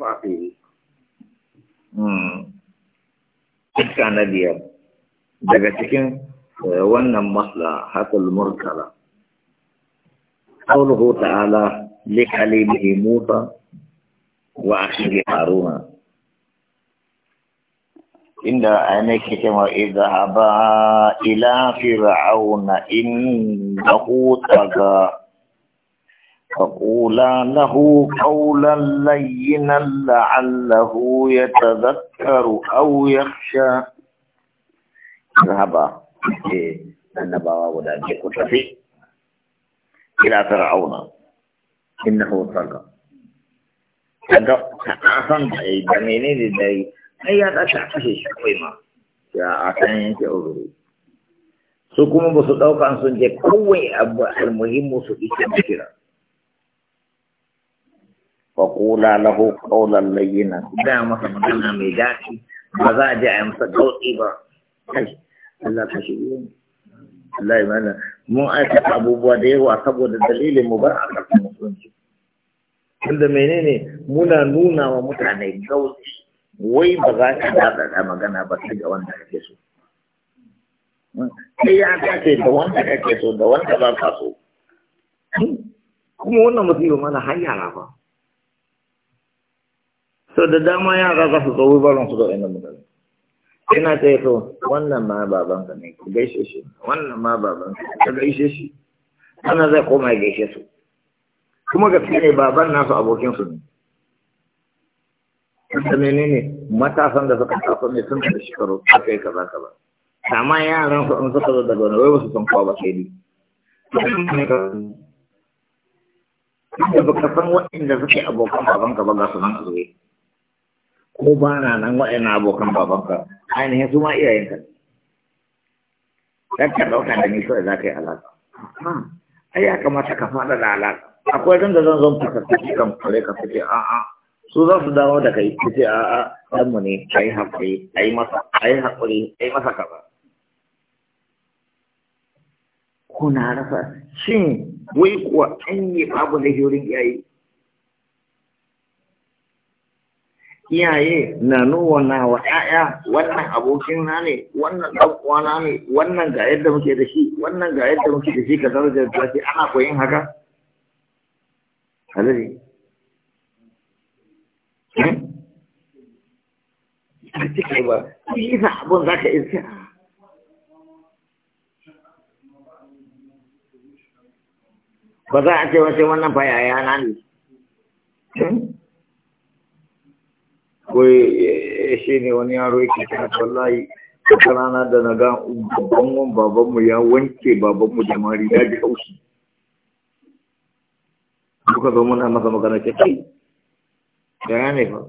Wahyu. Hmm. Ketika dia jaga cikin eh, wannan masla hakul murkala. Allah Ta'ala li kalimi Musa wa akhi Haruna. Inda ayane ke cewa idza ila fir'auna innahu tagha فقولا له قولا لينا لعله يتذكر أو يخشى ذهب النبوة ولا جيك في إلى فرعون إنه طغى kaga san ai da menene dai ai ya da ta kashe shi kai ma ya a kan yake su kuma ba su dauka sun je kawai abu almuhimmu su ike kira faƙula lahu ƙaunar layyina da masa magana mai daɗi ba za a je a yi masa gautsi ba mun aikata abubuwa da yawa saboda dalilin mu a menene muna nuna wa mutane gautsi wai ba za ka da magana ba sai ga wanda kake so sai ya dace da wanda kake so da wanda ba ka so kuma wannan musulmi mana har ba so da dama ya za su tsohu barin su zaune mutane ina ta to wannan ma babanka ne ku gaishe shi wannan ma babanka ka gaishe shi wannan zai koma gaishe su kuma gaske ne baban nasu abokinsu ne da menene matasan da suka taso ne sun da shekaru aka yi ka ba amma yaran su an suka zo daga wani wai ba su san kowa ba sai ni da baka san waɗanda suke abokan babanka ba ga su nan a zuwa ko ba na nan ina abokan babanka ainihin su ma iyayenka kan ka ɗauka da ni kawai za ka yi alaƙa ai ya kamata ka faɗa da alaƙa akwai ran da zan zan fuka kashi kan fure ka fice a'a su za su dawo da kai ce a'a ɗanmu ne a yi haƙuri a yi masa a yi haƙuri a yi masa kaza kuna rasa shin wai kuwa an yi babu lahiyorin iyaye iyaye na nuna wa ƴaƴa wannan abokin na ne wannan ɗan'uwana ne wannan ga yadda muke da shi wannan ga yadda muke da shi ka zama da zafi ana koyin haka halari a cikin hmm? ba yi abin za ka iske ba za a ce wasu wannan ba yaya na ne hmm? wai eh, shi ne wani yaro yake kan wallahi wata rana da naga babban wan babanmu ya wanke babanmu da mari ya haushi duka zo muna masa magana ce kai da ya ne fa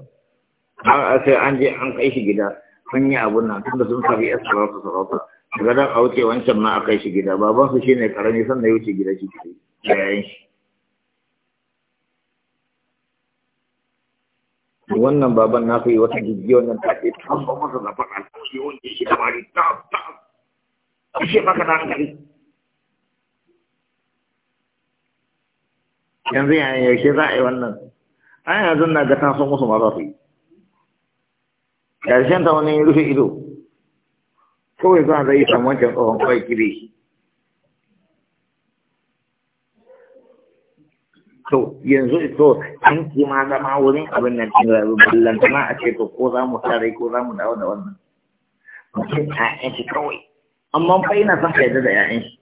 har sai an je an kai shi gida sun yi abun nan tunda sun sami yar sarauta sarauta daga a wuce wancan na a kai shi gida babansu shi ne karami sannan ya wuce gida shi ke yayin shi wannan baban na yi wata jirgi wannan ta ce tamba masa da faɗa shi wanke shi da bari ta ta kushe maka da gari. yanzu yayin yaushe za a yi wannan an yanzu na ga taso musu ma za su yi ƙarshen ta wani rufe ido kawai za a zai samun wancan tsohon kawai kire shi to yanzu to an kima zama wurin abin nan cikin eh, ballantana a ce to ko za mu tare ko za mu dawo da wannan mutum ƴaƴan shi kawai amma fa ina son ka yarda da ƴaƴan shi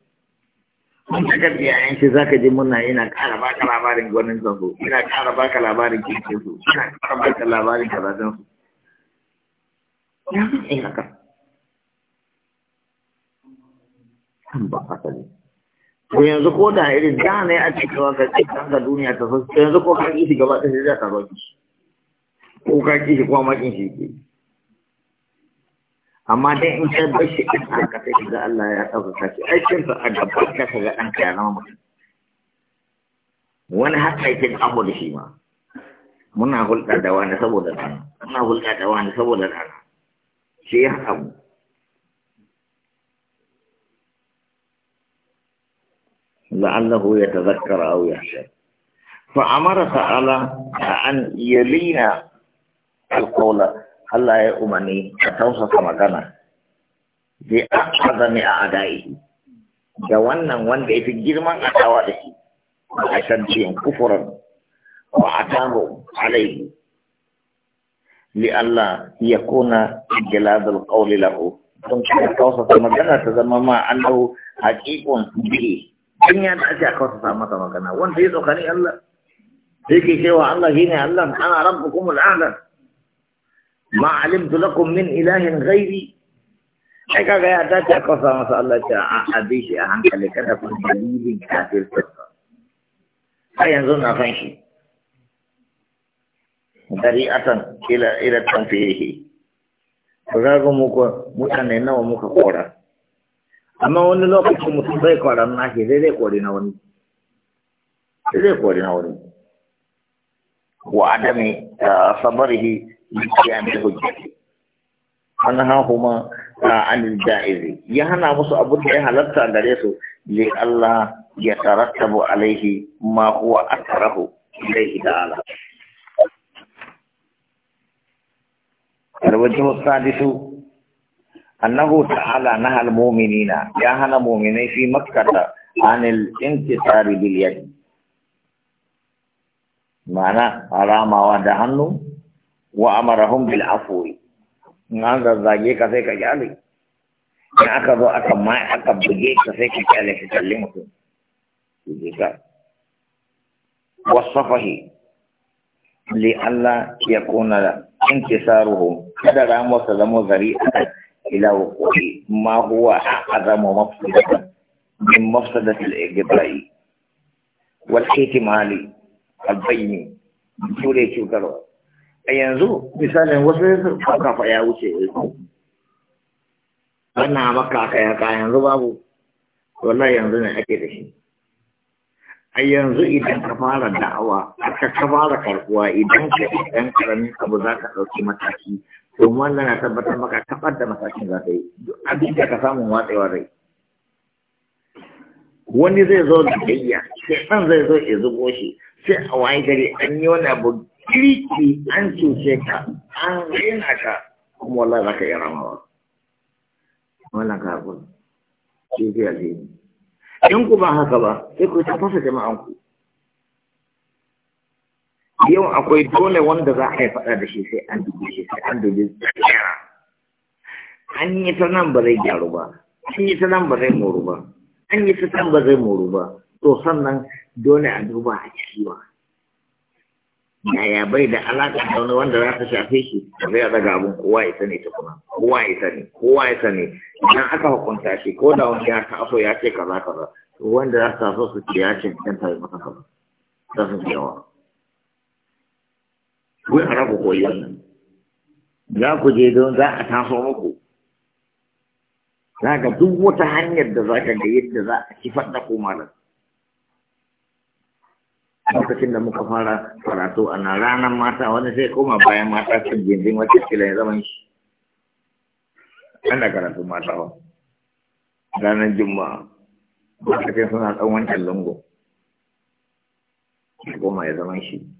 mun ka karbi ƴaƴan shi zaka ji muna ina ƙara baka labarin gwanin zanzu. ina ƙara baka labarin kinke su ina ƙara baka labarin kazajen su ya ina ka ba asali to yanzu ko da irin da ne a cikin waka cikin ga duniya ta sosai yanzu ko ka kishi gaba ta sai ta ka roƙi ko ka kishi ko makin shi ke amma dai in ka bar shi in aka ta shiga Allah ya ɗaukaka shi aikin sa a gaba ka shiga ga ka ya zama mutum wani haka yake abu da shi ma muna hulɗa da wani saboda rana muna hulɗa da wani saboda ɗana shi ya haɗa mu لعله يتذكر أو يخشى فأمر تعالى أن يلين القول الله يا أمني أتوسط مكانه بأعظم أعدائه da wannan wanda ya fi girman tawa da shi a shantiyan kufuran wa atamu alaihi Allah ya kuna jalabul qawli lahu don kuma kausa magana ta zama ma annahu haqiqun bihi hanya ya ake aka wasu sa masa magana wanda ya tsokani Allah yake cewa Allah shine Allah ana rabbukum al'ala ma alimtu lakum min ilahin ghairi ai kaga ya a kawo sa masa Allah ce a abi shi a hankali kada ku dalilin kafir a yanzu na san shi Dari dari'atan kila ila tanfihi kaga mu ko mutane nawa muka kora amma wani lokacin mutum zai kwaran nashi zai zai kori na wani zai zai kori na wani wa adami sabarihi ya mai hujjati an a anil da'izi ya hana musu abin da ya halatta gare su li Allah ya tarattabu alaihi ma huwa akrahu ilayhi ta'ala الوجه السادس أنه تعالى نهى المؤمنين يا هنا مؤمنين في مكة عن الانتصار باليد معنى أرام ودهنوا وأمرهم بالعفو إن هذا الزاجي كذلك جالي إن أخذوا أكا ما أكا بجي كذلك جالي تسلمكم والصفه لألا يكون انتصارهم قدر أمو سلموا ذريعة إلى وقوع ما هو أعظم مفسدة من مفسدة الإجباء والاحتمال البيني سوري A yanzu misalin wasu kafa ya wuce Ana maka aka yaka yanzu babu wallahi yanzu ne ake da shi a yanzu idan ka fara da'awa aka ka fara karbuwa idan ka ɗan karamin abu za ka ɗauki mataki to wannan na tabbatar maka kafar da masakin za ta yi duk abin da ka samu wa rai wani zai zo da gayya sai an zai zo ya zubo shi sai a wani gari an yi wani abu kiriki an cuce ka an rena ka kuma wallahi za ka iya ramawa wannan abu shi zai alheri in ku ba haka ba sai ku ta fasa jama'an ku yau akwai dole wanda za a yi faɗa da shi sai an dubi shi sai an dubi tsakiyara an yi ta nan ba zai gyaru ba an yi ta nan ba zai moru ba an yi ta nan ba zai moru ba to sannan dole a duba a ciki ba yaya bai da alaƙa da wani wanda za ta shafe shi ba zai daga abin kowa ya sani kuma kowa ya sani kowa ya sani idan aka hukunta shi ko da wani ya taso ya ce kaza kaza wanda za su taso su ce ya ce kan ta yi masa kaza za su yawa Kuwa a raba koyon wannan za ku je don za a taso muku za ka duk wata hanyar da za ka ga yadda za a kifar da kumarar lokacin da muka fara karatu a na ranar mata wani sai koma bayan mata sun jinjin wata kila ya zaman shi ana karatu mata wa ranar juma'a lokacin suna ɗan wancan lungu koma ya zaman shi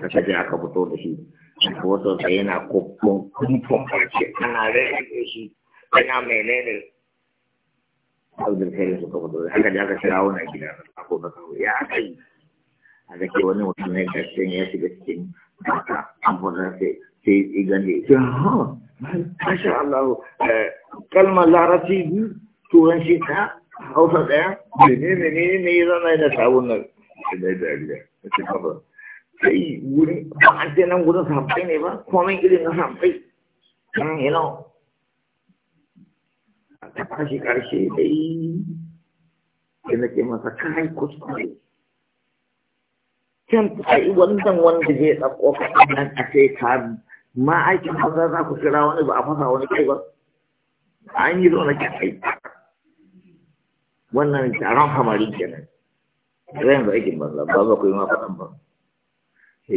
ka kaje aka fito da shi aka wato sai yana kumfun kumfun barci ana da shi yana ne abdul karim suka fito da haka da ka kira wannan gida a ko baka ya kai a da ke wani mutum ne da shi ya shiga cikin baka an fara sai sai igande ya ha masha Allah eh, kalmar larabci turanci ta hausa daya menene ne ne ne ne da ne ne ne ne ne kai wuri ba an ce nan gudun sahabbai ne ba komai irin na sahabbai kan yi nau a ta kashi karshe dai sai na ke masa kai kuskure can ai wannan wanda zai ɗauko ka nan a ce ka ma aikin hausa za ku kira wani ba a fasa wani kai ba an yi zaune ke kai wannan taron hamari kenan zai yanzu aikin banza ba ba ku yi ma faɗan ba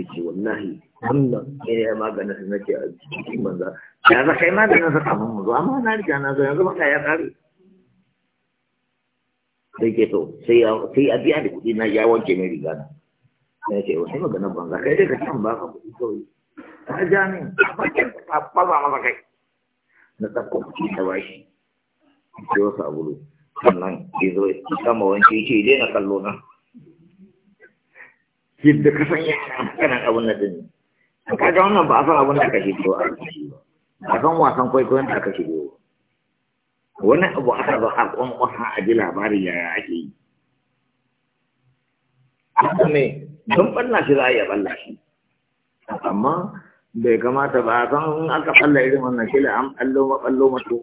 ce wallahi wannan ne ya maganin su nake a cikin banza ya za kai maganin mu na riga na yanzu ya sai ke to sai a biya da kuɗi na ya wanke mai riga na ce wani maganin banza kai dai ka ba ka kuɗi kawai ja kai na tsakko kuɗi ta bashi wasu abu sannan ya zo ya kama wanke ya ce dai na kallo na yadda ka san yara kana abin da dani ka ga wannan ba a san abin da aka shigo a ba a san wasan kwaikwayon da aka shigo wani abu aka ba a kwan wasa a ji labarin yaya ake yi haka ne don ɓalla shi za a iya shi amma bai kamata ba a san aka ɓalla irin wannan shi an ɓallo ma mato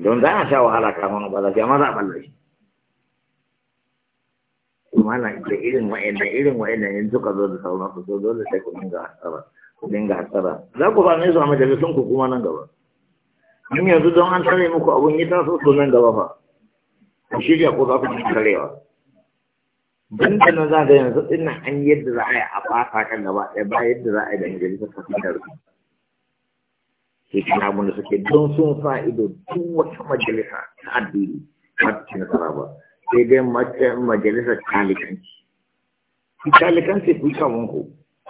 don za a sha wahala kafin ba za shi amma za a ɓalla shi mana da irin wa'ina irin wa'ina in suka zo da sauran su dole sai ku dinga hasara ku dinga hasara za ku ba su a majalisun ku kuma nan gaba in yanzu don an tare muku abun yi taso su nan gaba fa ku shirya ko za ku ci karewa dan da nan za yanzu din nan an yadda za a yi a fata kan gaba ɗaya ba yadda za a yi da majalisa ta fitar shi kan abun da suke don sun fa'ido duk wata majalisa ta addini ba ta ci nasara ba sai dai majalisar talikanci talikanci ku kamun ku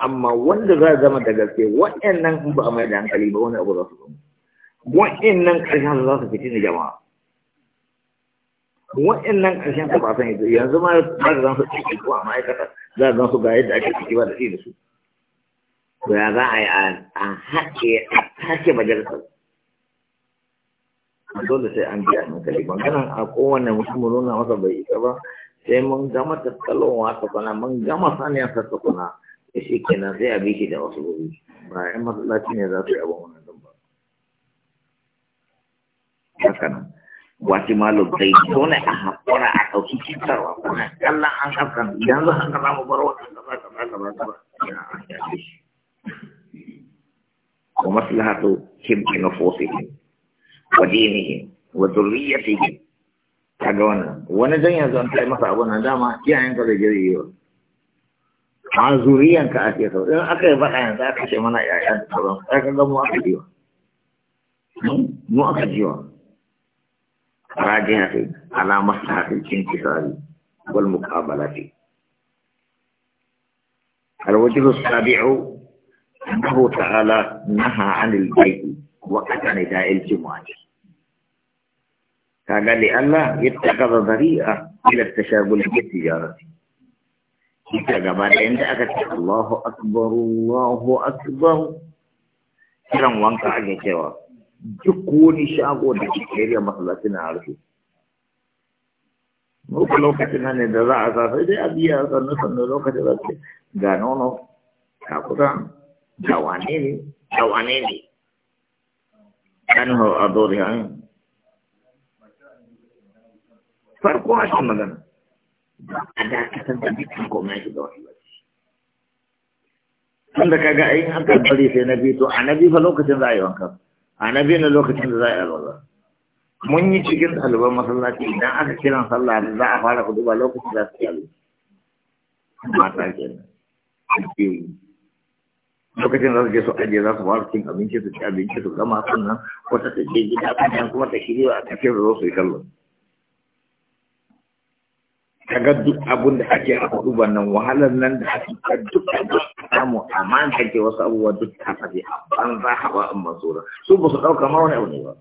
amma wanda za a zama da gaske waɗannan in ba a mai da hankali ba wani abu za su zama waɗannan ƙarshen za su fiti da jama'a waɗannan ƙarshen ka ba san yanzu yanzu ma ba da zansu su ciki ko a ma'aikata za a zansu su ga yadda ake ciki ba da shi da su to ya za a yi a haƙe a take majalisar dole sai an biya hankali maganan a kowane mutum nuna masa bai isa ba sai mun gama tattalowa tukuna mun gama saniya ta tukuna da shi kenan sai a bi shi da wasu gobe ba yan masallaci ne za su yi abin wannan don ba haka nan wasu malu bai dole a haƙura a ɗauki cutarwa kuna kallon an hafkan idan za a kama bar wannan gaba gaba gaba gaba ina an yafe shi wa dinihim kaga wannan wani dan yanzu an kai masa abun nan dama iyayen ka da jirewa a zuriyan ka ake so in aka yi faɗa yanzu aka ce mana yayan da sauran sai ka ga mu aka jiwa hmm? mu aka jiwa راجعه على مصلحة الانتصار والمقابلة الوجه السابع أنه تعالى نهى عن البيع وقت نداء الجمعة هذا لئلا يتخذ طريقة إلى التشاغل في التجارة يتخذ عند أكت الله أكبر الله أكبر كلام وانك عجل كوا جكوني شاقو دكي كيريا مخلصنا عارفو نوك لو كتنا ندرع أساسا إذا أبيا أساسا نصن لو كتنا هو أدوري farko a shi magana a dakatar da dukkan komai shi da wani bacci tunda kaga ayin an kalbari sai na biyu to a na biyu fa lokacin za a yi wanka a na biyu na lokacin da za a yi alwala mun yi cikin ɗaliban masallaci idan aka kiran sallah za a fara kudu ba lokacin da su yi alwala mata kenan lokacin za su je su ajiye za su fara cin abinci su ci abinci su gama sannan wata ta je gida kuma ta shirya a cikin zo su yi kallon ga duk abun da ake a hudu nan wahalar nan da ake ka duk samu amma da ke wasu abubuwa duk ta a banza hawa in mansura su ba su ɗauka ma wani abu ne ba